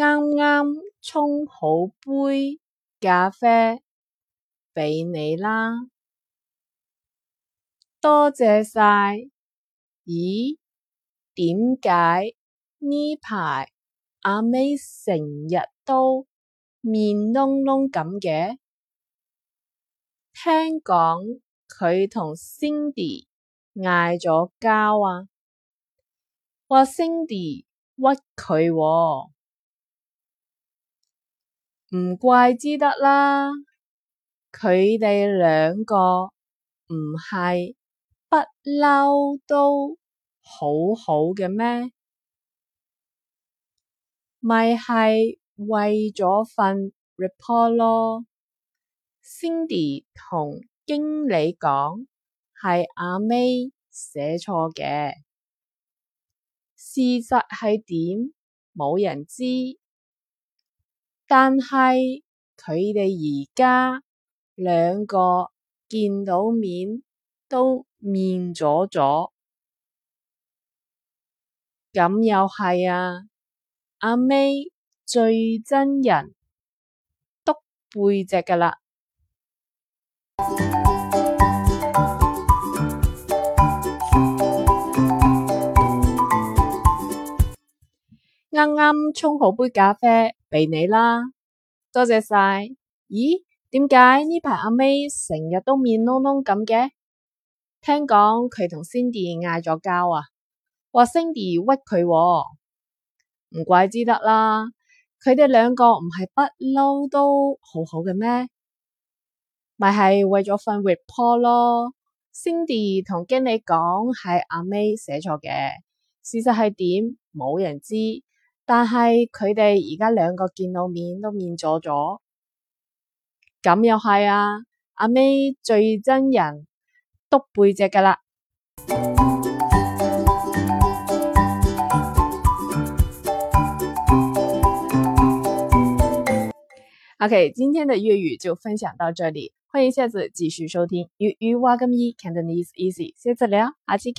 啱啱沖好杯咖啡俾你啦，多謝晒。咦，點解呢排阿 May 成日都面窿窿咁嘅？聽講佢同 Cindy 嗌咗交啊，話 Cindy 屈佢喎。唔怪之得啦，佢哋兩個唔係不嬲都好好嘅咩？咪係為咗份 report 咯。Cindy 同經理講係阿 May 寫錯嘅，事實係點冇人知。但係佢哋而家兩個見到面都面咗咗，咁又係啊，阿 May 最憎人督背脊噶啦。啱啱沖好杯咖啡俾你啦，多謝晒。咦，點解呢排阿 May 成日都面㶶㶶咁嘅？聽講佢同 Cindy 嗌咗交啊，話 Cindy 屈佢，唔怪之得啦。佢哋兩個唔係不嬲都好好嘅咩？咪係為咗份 report 咯。Cindy 同經理講係阿 May 寫錯嘅，事實係點冇人知。但係佢哋而家兩個見到面都面咗咗，咁又係啊！阿妹最憎人督背脊噶啦。OK，今天嘅粵語就分享到這裏，歡迎下次繼續收聽。y o welcome e can the n e s easy？下次嚟阿杰。